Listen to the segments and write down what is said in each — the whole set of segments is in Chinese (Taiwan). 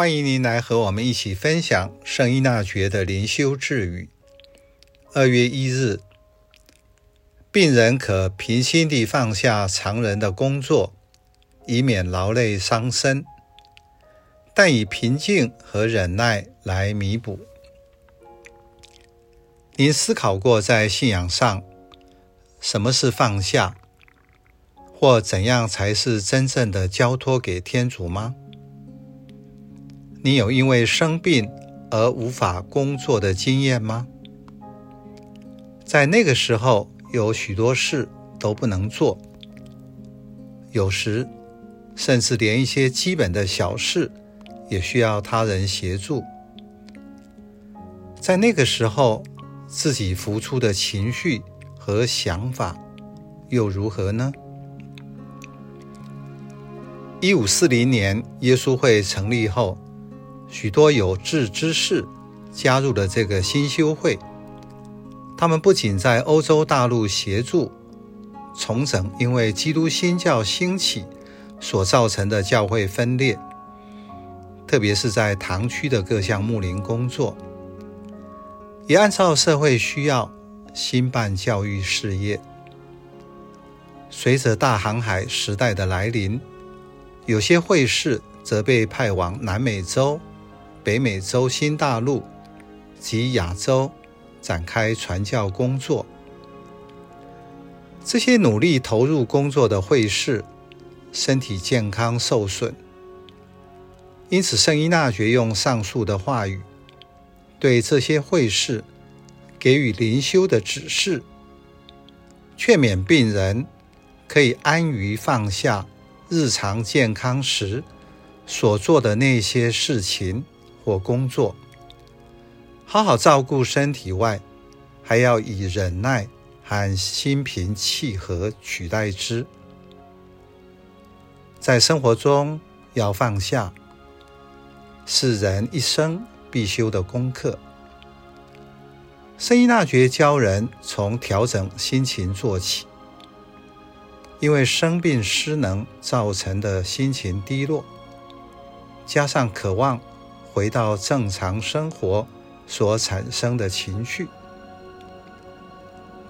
歡迎您來和我們一起分享聖依納爵的靈修智語。二月一日，病人可平心地放下常人的工作，以免勞累傷身，但以平靜和忍耐來彌補。您思考過在信仰上什麼是放下，或怎樣才是真正的交託給天主嗎？你有因為生病而無法工作的經驗嗎？在那個時候，有許多事都不能做，有時甚至連一些基本的小事也需要他人協助。在那個時候，自己浮出的情緒和想法又如何呢？一五四零年，耶穌會成立後，許多有志之士加入了這個新修會，他們不僅在歐洲大陸協助重整因為基督新教興起所造成的教會分裂，特別是在堂區的各項牧靈工作，也按照社會需要興辦教育事業。隨着大航海時代的來臨，有些會士則被派往南美洲、北美洲新大陸及亞洲展開傳教工作，這些努力投入工作的會士身體健康受損，因此聖依納爵用上述的話語，對這些會士給予靈修的指示，勸勉病人可以安於放下日常健康時所做的那些事情。或工作，好好照顧身體外，還要以忍耐和心平氣和取代之。在生活中要放下，是人一生必修的功課。聖依納爵教人從調整心情做起，因為生病失能造成的心情低落，加上渴望。回到正常生活所產生的情緒，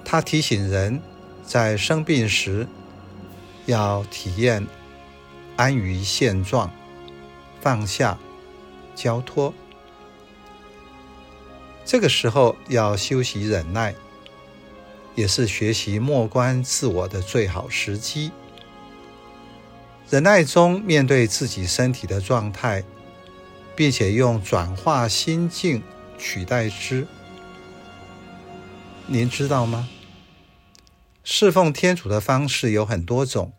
他提醒人，在生病時要體驗安於現狀、放下、交託。這個時候要修習忍耐，也是學習默觀自我的最好時機。忍耐中面對自己身體的狀態，並且用轉化心境取代之。您知道嗎？侍奉天主的方式有很多種。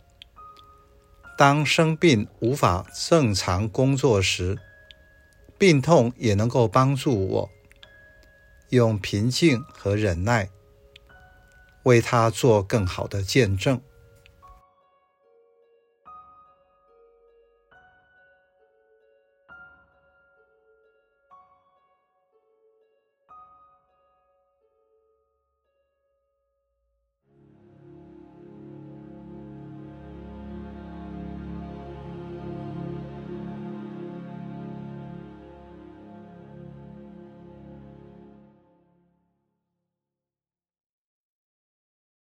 當生病無法正常工作時，病痛也能夠幫助我，用平靜和忍耐為祂做更好的見證。